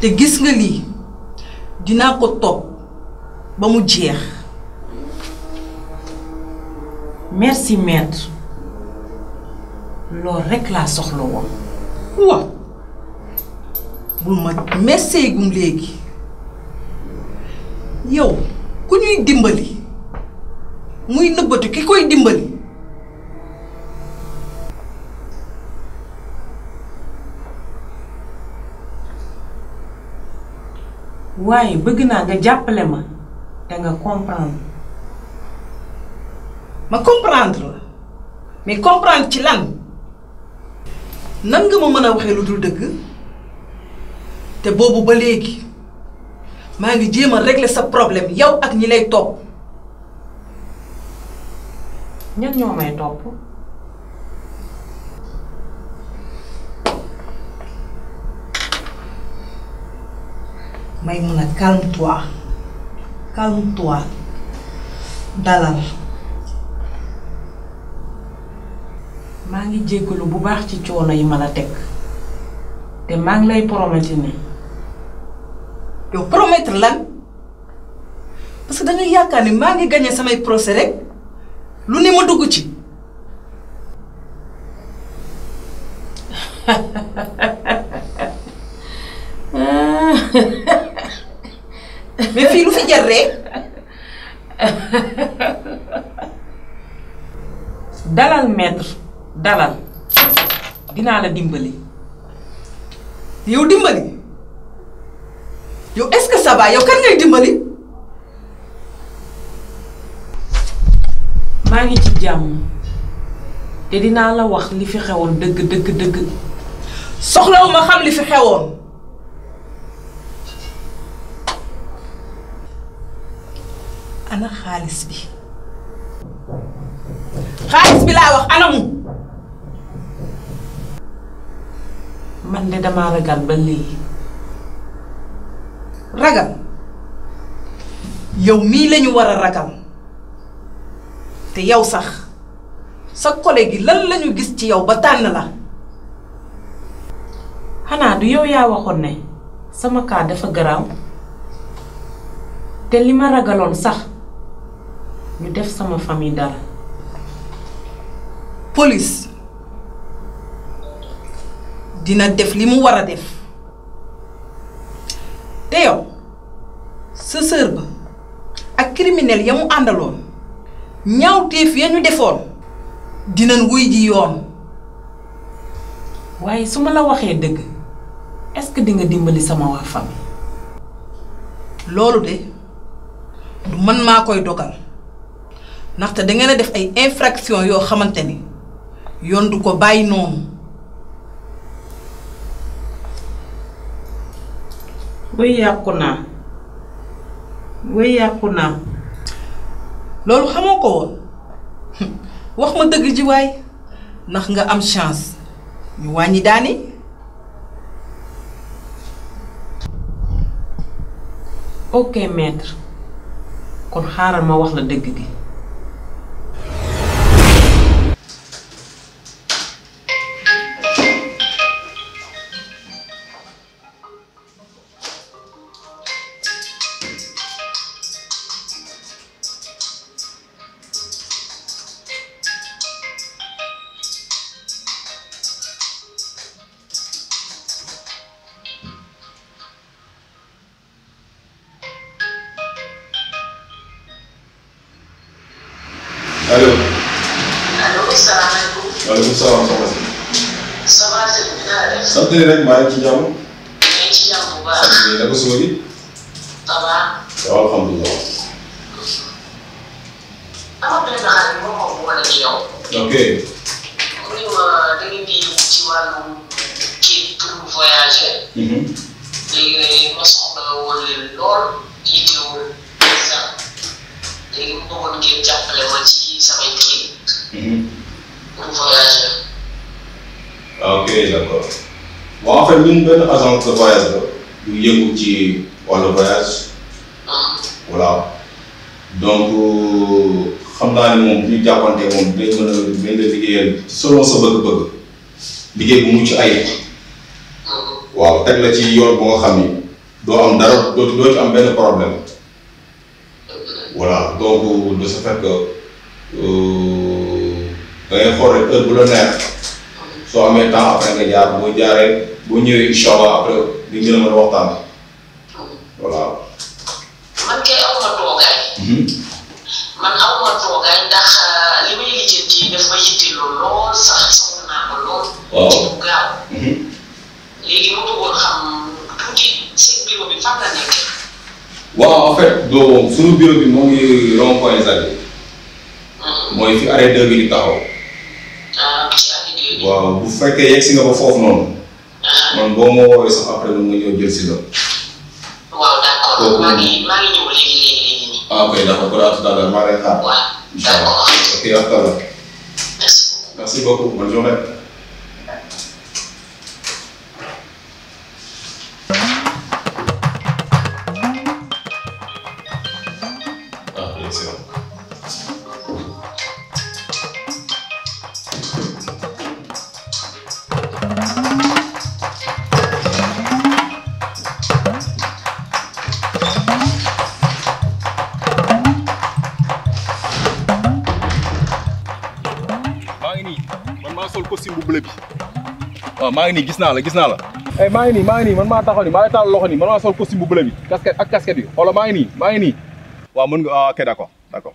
te gis nga lii dinaa ko toog ba mu jeex merci maître loolu rekk laa soxla woon waaw bul ma merseegum léegi yow ku ñuy dimbali muy nëbbatu ki koy dimbali waaye bëgg naa nga jàppale ma te nga comprendre. ma comprendre mais comprendre ci lan nan nga ma mën a waxee lu dul dëgg te boobu ba léegi maa ngi jéem a régler sa problème yow ak ñi lay topp. ñan ñoo may topp. Maïmouna calme-toi calme-toi dalal maa ngi jéggalu bu baax ci coono yi ma a teg te maa ngi lay promettre ni yow promettre lan parce que dañuy yaakaar ni maa ngi gagné samay procès rek lu ne ma dugg ci mais fii lu fi jar rek dalal maître dalal dinaa la dimbali. yow dimbali yow est-ce que ça yow kan ngay dimbali. maa ngi ci jàmm te dinaa la wax li fi xewoon dëgg dëgg dëgg. soxlawuma xam li fi xewoon. ana xaalis bi xaalis bi laa wax ana man de damaa ragal ba léegi ragal yow mii lañu war a ragal te yow sax sa kole gi lan lañu gis ci yow ba tànn la xanaa du yow yaa waxoon ne sama kaa dafa garaaw te li ma ragaloon sax ñu def sama famille dara polis dina def li mu war a def te yow sa sœur ba ak criminel ya mu àndaloon ñaawteef ya ñu defoon dinañ wuy ji yoon waaye su ma la waxee dëgg est-ce que di nga dimbali sama waa famille loolu de man maa koy dogal ndaxte da ngeen def ay infraction yoo xamante ni yoon du ko bàyyi noonu. way yàqu naa way naa. loolu xamoo ko woon wax ma dëgg ji ndax nga am chance ñu wàññi daani. ok maître kon xaaral ma wax la dëgg bi allo. allo salaamaaleykum. waaleykum salaam soxna si. ça va sëñ bi naka def. sant rek maa ngi ci jàmm. maa ngi ci jàmm bu baax. sant bi naka suba gi. ça va. waaw alhamdulilah. dama bëgg a xam ne moom moo boole ci yow. ok. mu ne ma da ngeen di ci wàllu kii pour voyager. Mm-hmm. liggéey la quoi bon en fait benn agence de voyage la ñu ci wàllu voyage voilà donc xam naa ni moom bu ñu jàppante moom dinañ mën a a liggéeyal selon sa bëgg-bëgg liggéey bu mucc ayib waaw teg la ci yoon bu nga xam ni doo am dara doo doo ci am benn problème voilà donc de ce fait que euh, da rek bu la neex. soo amee temps après nga jaar boo jaaree boo ñëwee incha allah après di gën a mën a waxtaan. voilà. man kay aw ma toogaay. Mhm. man aw ma toogaay ndax euh, li may lijjanti daf ma yitte lool sax soxla naa ko lool. waaw ci bu gaaw. Mhm. léegi ma bëggoon xam tuuti seen bureau bi fan la nekk. waaw en fait doo suñu bureau bi moo ngi rond point Zadig. Mhm. mooy fi arrêt deux bi di taxaw. waaw bu fekkee yegg si nga ba foofu noonu. man boo ma woowee sax après mu nga ñëw jël si la. waaw d'accord maa ngi maa ngi ñëw léegi léegi léegi nii. ah ok d'accord tout à l'heure maa ngi lay xaar. merci beaucoup merci beaucoup bonne maa ngi nii gis naa la gis naa la ay eh, maa ngi nii maa ngi nii man maa taxaw nii maa ngi taal loxo nii man maa sol costume bu bleu bi casquette yi xoola maa ngi nii maa ngi nii waaw mën nga ah, ok d'accord d'accord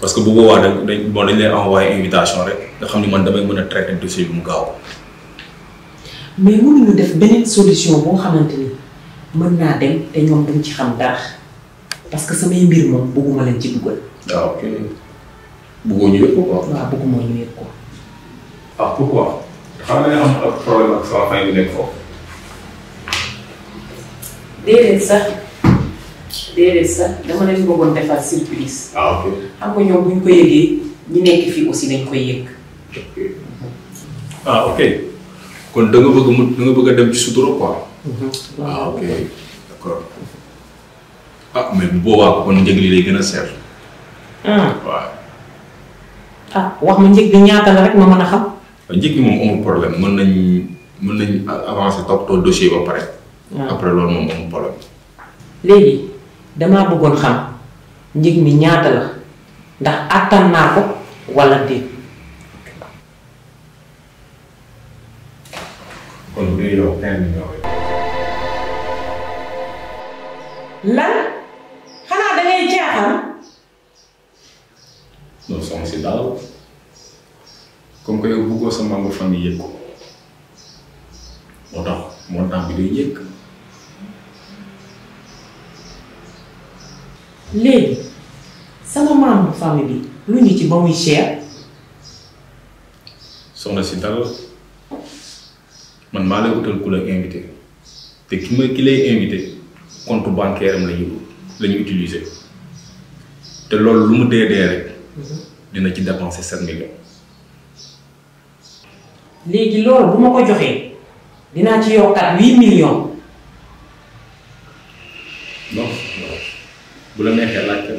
parce que bu boobaa da dañ bon dañ lay envoyé invitation rek nga xam ni man damay mën a traité dossier bi mu gaaw. mais mënuñu def beneen solution boo xamante ni mën naa dem te ñoom duñ ci xam dara parce que samay mbir moom bëgguma leen ci dugal. waaw ah, ok bëggoo ñu yëpp ko quoi. waaw ñu yëpp ko. ah pourquoi. xam nga am problème ak sama famille nekk foofu. déedéet sax. déedéet sax dama leen bëggoon defal surprise. ah ok xam nga ñoom bu ñu ko yëgee ñi nekk fii aussi dañ koy yëg. ah ok kon da nga bëgg mu da bëgg a dem ci sutura quoi. Mm-hmm. Ah, ok ah mais bu boobaa kon njëg li day gën a seer. Hmm. ah wax ma njëg bi ñaata la rek ma mën a xam. Ah, njëg bi moom amul problème mën nañ mën nañ avancer toppatoo dossier ba pare. Ah. après loolu moom amul problème. léegi. damaa bëggoon xam njëg mi ñaata la ndax àttan naa ko walla déet. kon du yow quinze millions. lan xanaa da ngay jeexal. non soxna si daal comme que yow bëggoo sa membre famille yëg ko moo tax montant bi day yëg. léegi sama membre famille lu ñu ci ba muy cher. soxna si dal man maa lay utal ku invité te ki ma ki lay invité compte bancaire am la ñu te loolu lu mu dee dee rek mhm. dina ci dépenser sept millions. léegi loolu bu ma ko joxee dinaa ci yokkaat huit millions. bu la neexee laajte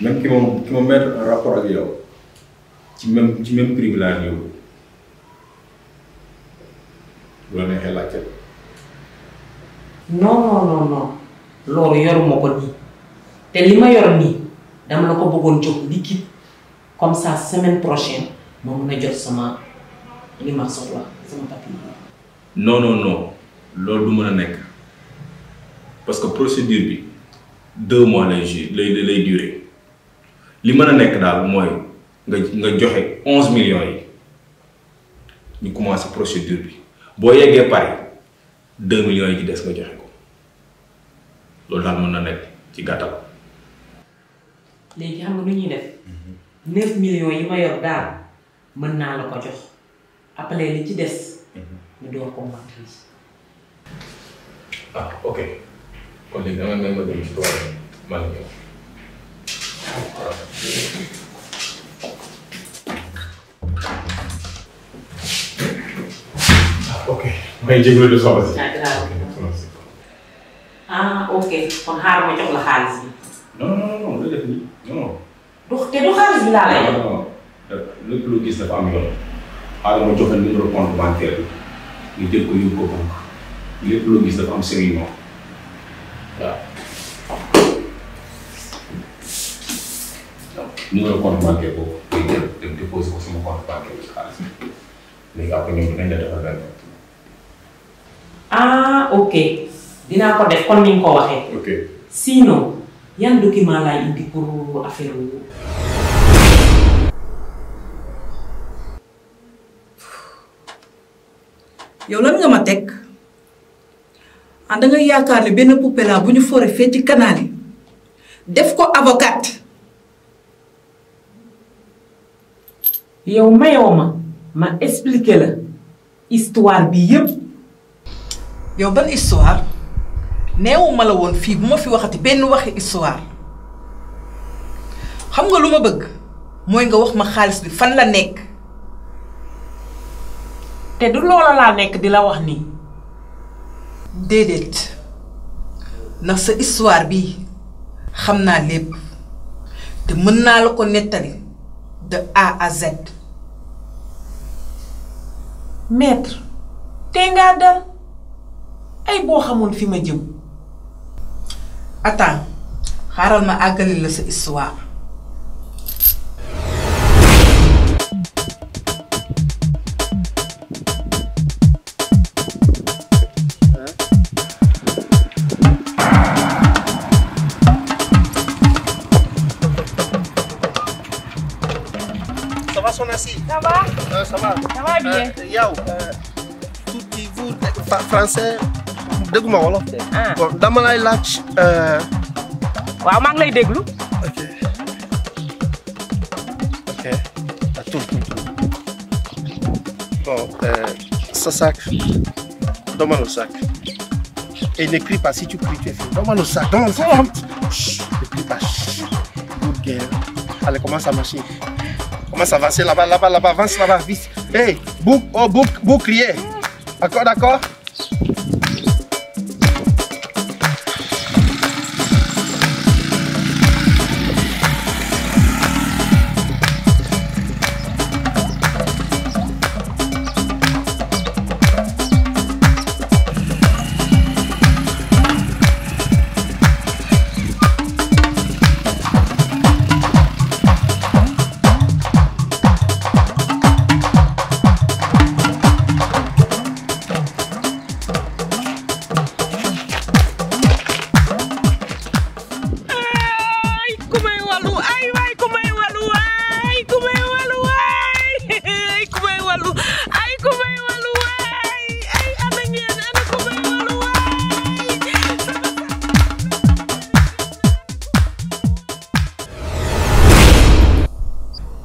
même ki moom ki ma mettre rapport ak yow ci même ci même prix bi laa bu la neexee laajte. non non loolu yoruma ko nii te li ma yor nii dama la ko bëggoon jox liquide comme ça semaine prochaine ma mun a jot sama li ma soxla sama papier. loolu du mën a nekk parce que procédure bi. deux mois lay ju lay lay durer li mën a nekk daal mooy nga nga joxe onze millions yi ñu commencé procédure bi boo yeggee Paris deux millions yi ci des nga joxe ko loolu daal mën na nekk ci gàttal. léegi xam nga nu ñuy def mm-hmm. neuf millions yi ma yor daal mën naa la ko jox après li ci des mm-hmm. ñu door ko montrer. ah ok. kon léegi dama may ma dem ci tool maa ngi ñëw waaw. Ah, ok may jégalu de soxla si. ah ok kon xaaral ma jox la xaalis bi. non non non lu def nii non. du te du xaalis bi laa lay jox. non lépp lu gis dafa am yoon. xaaral ma jox la numéro compte bancaire bi nga jël ko yóbbu ko banque lépp lu gis dafa am sérieux waaw. donc numéro compte bancaire boobu day jël dem déposé ko sama compte bancaire bi xaalis léegi après ñoom dinañ la defal benn ah ok dinaa ko def kon ni nga ko waxee. ok sinon yan document laay indi pour affaire wu. yow lan nga ma teg. ah da ngay yaakaar ne benn poupée bu ñu foree fee ci canal yi def ko abokat yow mayoo ma ma expliqué la histoire bi yépp yow ban histoire neewuma la woon fii bu ma fi waxati benn waxi histoire xam nga lu ma bëgg mooy nga wax ma xaalis bi fan la nekk. te du loola laa nekk di la wax nii. déedéet ndax sa histoire bi xam naa lépp te mën naa la ko nettali de A à Z. maître tey ngaa dal ay boo xamoon fi ma jëm. attends xaaral ma àggali la sa histoire. ça va soxna si. ça ah. dama lay laaj. Euh, waaw maa lay déglu. ok ok tur tur tur bon euh, sa sac donne-moi le sac et n'écris pas si tu cries tu es fini donne-moi le sac donne-moi le sac. chut n'écris pas chut good girl allez commence à marcher. Commence à avancer là-bas, là-bas, là-bas, avance là-bas, vite. Hé, hey, bouc, oh, bouc, bouclier. Accord, d'accord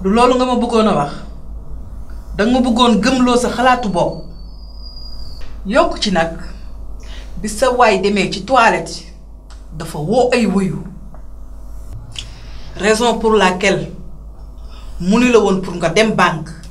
loolu nga ma bëggoon a wax danga ma bëggoon gëmloo sa xalaatu bopp yokk ci nag bi sa waay demee ci toilette dafa woo ay wuyu raison pour laquelle mu ni la woon pour nga dem bànk